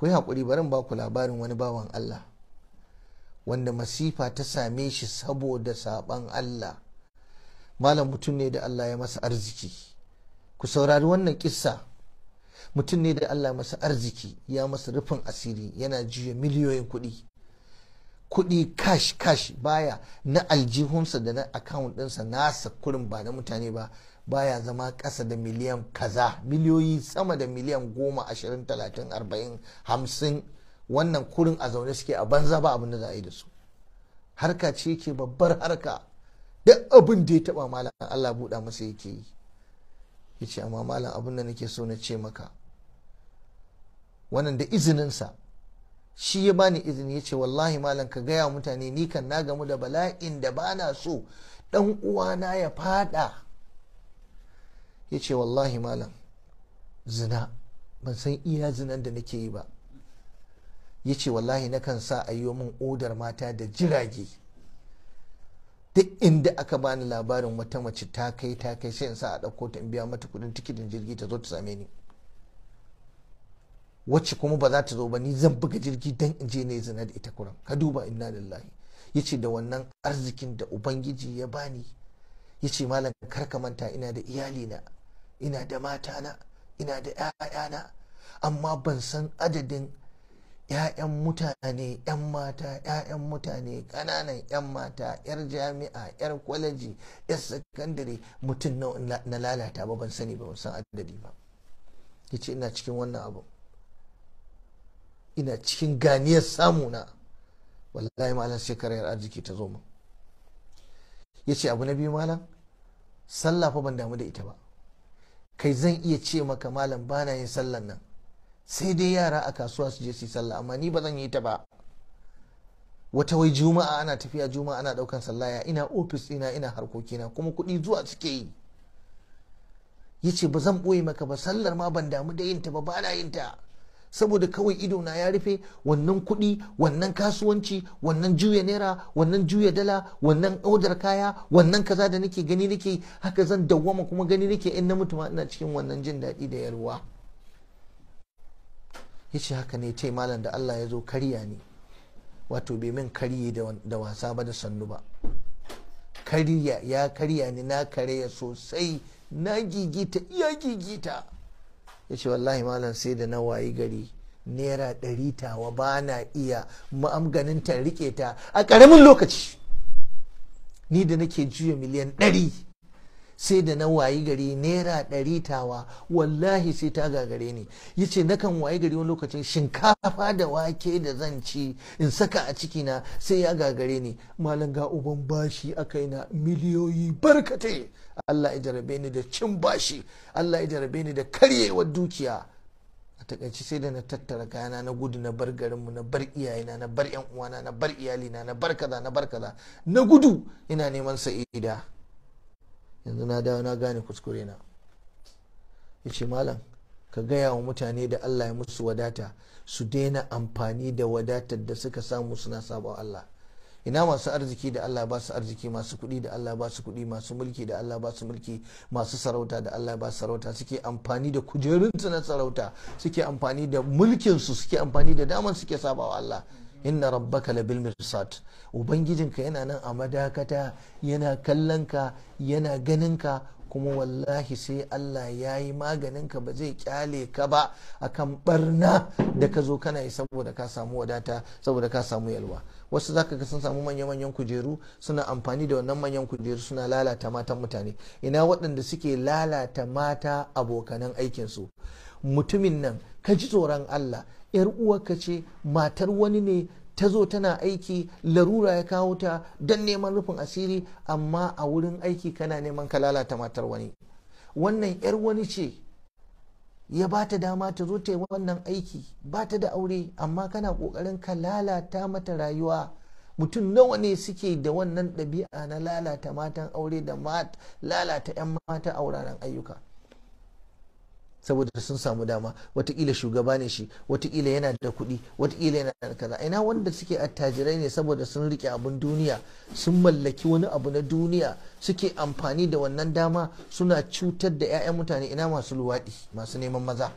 ku yi haƙuri barin ba ku labarin wani bawan Allah wanda masifa ta same shi saboda saban Allah malam mutum ne da Allah ya masa arziki ku saurari wannan kisa. mutum ne da Allah ya masa arziki ya masa rufin asiri yana juya miliyoyin kuɗi kuɗi kash-kash baya na aljihunsa da na account ɗinsa nasa kurin ba na mutane ba baya zama ƙasa da miliyan kaza miliyoyi sama da miliyan goma ashirin talatin arba'in hamsin wannan kurin a zaune suke a banza ba abin da za a yi da su harka ce ke babbar harka duk abin da ya taba malam Allah buɗa masa yake yi ya ce amma malam abin da nake so na ce maka wannan da izininsa shi ya bani izini ya ce wallahi malam ka gaya mutane ni kan na gamu da bala'in da bana so dan uwana ya fada ya ce wallahi malam zina ban san iya zinan da nake yi ba ya ce wallahi nakan sa a yi min odar mata da jirage duk inda aka bani labarin wata mace ta kai ta kai sai in sa a ɗauko ta in biya mata kudin tikitin jirgi ta zo ta same ni wacce kuma ba za ta zo ba ni zan buga jirgi dan in je ne zina da ita kuran ka duba inna lillahi ya ce da wannan arzikin da ubangiji ya bani ya ce malam kar ka manta ina da iyali na. ina da matana ina da 'ya'yana amma ban san adadin 'ya'yan mutane 'yan mata 'ya'yan mutane ƙananan 'yan mata 'yar jami'a 'yar kwalaji 'yar sakandare mutum na lalata ba ban sani ba ban san adadi ba ya ce ina cikin wannan abu ina cikin ganiyar samuna wallahi malam sai karayar arziki ta zo min ya ce abu na biyu malam sallah fa ban damu da ita ba kai zan iya ce maka malam bana yin sallan nan sai dai yara a kasuwa su je su yi sallah amma ni ba zan yi ta ba wata wai juma'a ana tafiya juma'a ana daukan ya ina ofis ina ina harkokina kuma kuɗi zuwa suke yi yace ce ba zan ɓoye maka ba sallar ma ban damu da yin ta ba bana na yin ta saboda kawai ido na ya rufe wannan kuɗi wannan kasuwanci wannan juya naira wannan juya dala wannan odar kaya wannan kaza da nake gani nake haka zan dawwama kuma gani nake in na mutu ma ina cikin wannan jin daɗi da yalwa yace haka ne ce malam da Allah ya zo karya ne wato bai min karye da wasa ba da sannu ba karya ya karya ni na karya sosai na gigita iya gigita ya ce wallahi malam sai da na wayi gari naira ɗari tawa ba na iya ma'amganin ta riƙe ta a ƙaramin lokaci ni da nake juya miliyan ɗari sai da na wayi gari naira ɗari tawa wallahi sai ta gagare ni ya ce nakan wayi gari wani lokacin shinkafa da wake da zan ci in saka a cikina sai ya gagare ni malam ga uban bashi a na miliyoyi barkate Allah ya jarabe ni da cin bashi Allah ya jarabe ni da karyewar dukiya a takaici sai da na tattara kayana na gudu na bar garinmu na bar iyayena na bar yan uwana na bar iyalina na bar kaza na bar kaza na gudu ina neman sa'ida yanzu na dawo na gane kuskure na ya malam ka gaya wa mutane da allah ya musu wadata su daina amfani da wadatar da suka samu suna sabon allah ina masu arziki da allah ba su arziki masu kuɗi da allah ba su kuɗi masu mulki da allah ba su mulki masu sarauta da allah ba sarauta suke amfani da kujerunsu na sarauta suke amfani da mulkinsu suke amfani da daman suke sabawa allah inna rabbaka bil mirsad ubangijinka yana nan a madakata yana kallon ka yana ganin ka kuma wallahi sai Allah ya yi ka ba zai kyale ka ba akan barna da ka zo kana yi saboda ka samu wadata saboda ka samu yalwa wasu zaka ga sun samu manya-manyan kujeru suna amfani da wannan manyan kujeru suna lalata matan mutane ina waɗanda suke lalata mata abokanan aikinsu mutumin nan ka ji tsoron Allah 'yar uwarka ce matar wani ne ta zo tana aiki larura ya kawo ta don neman rufin asiri amma a wurin aiki kana neman ka lalata matar wani wannan 'yar wani ce ya ba ta dama ta zo ta yi wannan aiki ba ta da aure amma kana ƙoƙarin ka lalata mata rayuwa mutum nawa ne suke da wannan ɗabi'a na lalata matan aure da lalata 'yan mata a wuraren ayyuka saboda sun samu dama watakila shugaba ne shi watakila yana da kuɗi watakila yana da kaza ina wanda suke attajirai ne saboda sun rike abun duniya sun mallaki wani abu na duniya suke amfani da wannan dama suna cutar da 'ya'yan mutane ina masu luwaɗi masu neman maza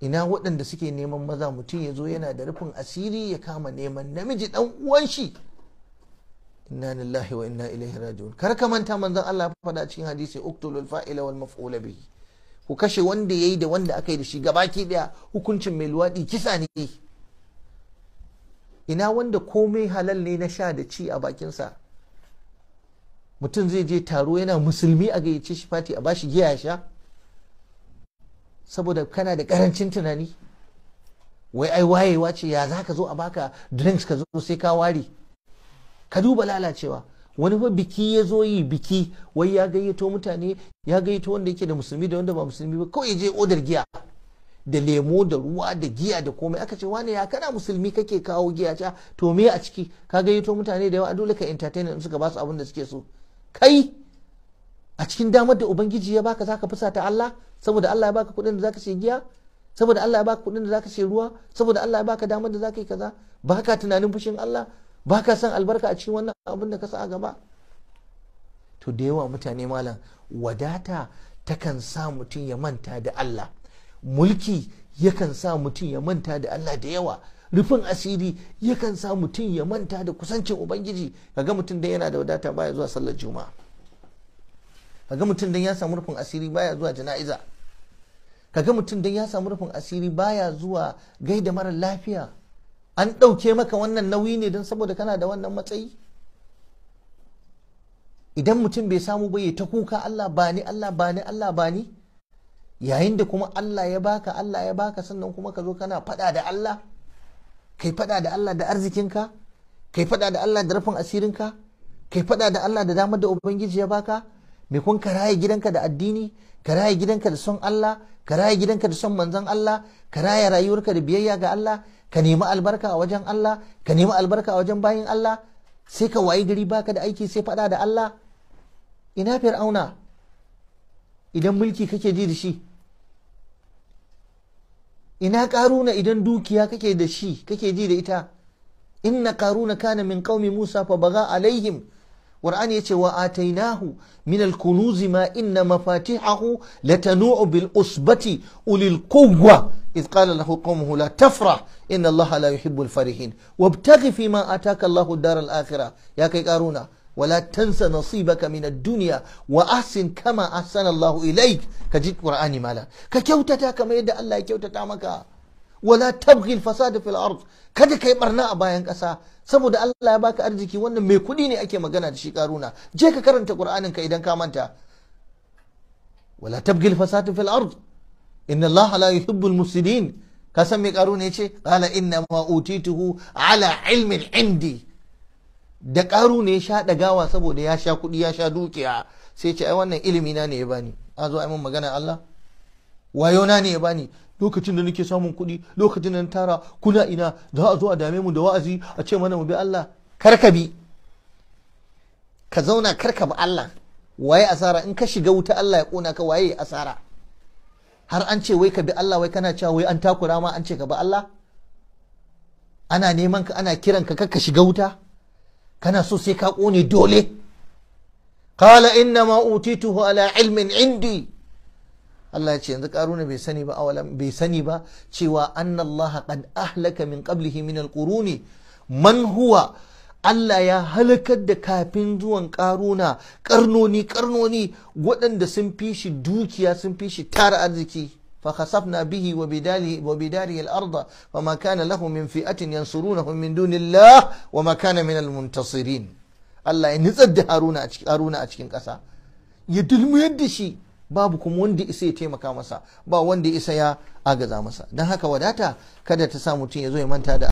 ina waɗanda suke neman maza mutum ya zo yana da rufin asiri ya kama neman namiji ɗan uwan shi inna lillahi wa inna ilaihi raji'un kar ka manta manzon Allah ya faɗa cikin hadisi uktulul fa'ila wal maf'ula bihi ku kashe wanda yayi da wanda aka yi da shi gabaki daya hukuncin mai luwadi kisa ne ina wanda komai halal ne na sha da ci a bakinsa mutum zai je taro yana musulmi a gayyace shi fati a bashi giya sha saboda kana da karancin tunani wai ai wayewa ce ya zaka zo a baka drinks ka zo sai ka ware ka duba lalacewa wani fa biki ya zo yi biki wai ya gayyato mutane ya gayyato wanda yake da musulmi da wanda ba musulmi ba kawai je odar giya da lemo da ruwa da giya da komai aka ce wani ya kana musulmi kake kawo giya ta to me a ciki ka gayyato mutane da yawa dole ka entertain in suka ba su abin da suke so kai a cikin damar da ubangiji ya baka zaka fusata Allah saboda Allah ya baka kuɗin da zaka ce giya saboda Allah ya baka kuɗin da zaka ce ruwa saboda Allah ya baka damar da zaka yi kaza baka tunanin fushin Allah ba ka san albarka a cikin wannan abin da ka sa gaba to da yawa mutane malam wadata takan sa mutum ya manta da Allah mulki yakan sa mutum ya manta da Allah da yawa rufin asiri yakan sa mutum ya manta da kusancin ubangiji kaga mutum da yana da wadata baya zuwa sallar juma'a kaga mutum da ya samu rufin asiri baya zuwa jana'iza ga mutum dan ya samu rufin asiri baya zuwa gaida mara lafiya an ɗauke maka wannan nauyi ne don saboda kana da wannan matsayi idan mutum bai samu ba ya ta kuka Allah ba ni Allah ba ni Allah ba ni yayin da kuma Allah ya baka Allah ya baka sannan kuma ka zo kana faɗa da Allah kai faɗa da Allah da arzikinka kai faɗa da Allah da rufin asirinka kai faɗa da Allah da damar da ubangiji ya baka mai kun ka raye gidanka da addini ka raye gidanka da son Allah ka raye gidanka da son manzon Allah ka raye rayuwarka da biyayya ga Allah ka nemi albarka a wajen Allah ka nemi albarka a wajen bayin Allah sai ka wayi gari baka da aiki sai faɗa da Allah ina fir'auna idan mulki kake ji da shi ina karuna idan dukiya kake da shi kake ji da ita inna karuna kana min qaumi musa fa baga alaihim Qur'ani yace wa atainahu min al-kunuzi ma inna mafatihahu latanu'u bil usbati ulil quwwa إذ قال له قومه لا تفرح إن الله لا يحب الفرحين وابتغ فيما آتاك الله الدار الآخرة يا كي قارونا ولا تنس نصيبك من الدنيا وأحسن كما أحسن الله إليك كجيت قرآني مالا ككوتتا كما يدى الله كوتتا مكا wala tabghi al da fil ard kada kai barna a bayan ƙasa saboda Allah ya baka arziki wannan mai kuɗi ne ake magana da shi karuna je ka karanta qur'anin ka idan ka manta wala tabghi al-fasad fil ard inna Allah la yuhibbu al ka san me karuna yace qala inna ma utituhu ala ilmin indi da karu ne sha dagawa saboda ya sha kuɗi ya sha dukiya sai ce ai wannan ilimi na ne ya bani a zo ai mun magana Allah wayo na ne ya bani lokacin da nake samun kuɗi lokacin da na tara kuna ina za a zo a dame mu da wa'azi a ce mana mu bi Allah karka bi ka zauna karka bi Allah waye asara in ka shiga wuta Allah ya kona ka waye asara har an ce wai ka bi Allah wai kana cewa wai an takura ma an ce ka bi Allah ana neman ka ana kiran ka kar ka shiga wuta kana so sai ka kone dole qala inna ma utituhu ala ilmin indi Allah ya ce yanzu karuna bai sani ba awalan bai sani ba cewa annallaha Allah qad ahlaka min qablihi min alquruni man huwa Allah ya halakar da kafin zuwan karuna karnoni karnoni waɗanda sun fi shi dukiya sun fi shi tara arziki فخسفنا به وبداله وبداره الأرض وما كان له من فئة ينصرونه من دون الله وما كان من المنتصرين الله ينزد هارون أشكين هارون يدلم يدشي babu kuma wanda isa ya taimaka masa ba wanda isa ya agaza masa don haka wadata kada ta sa mutum ya zo ya manta da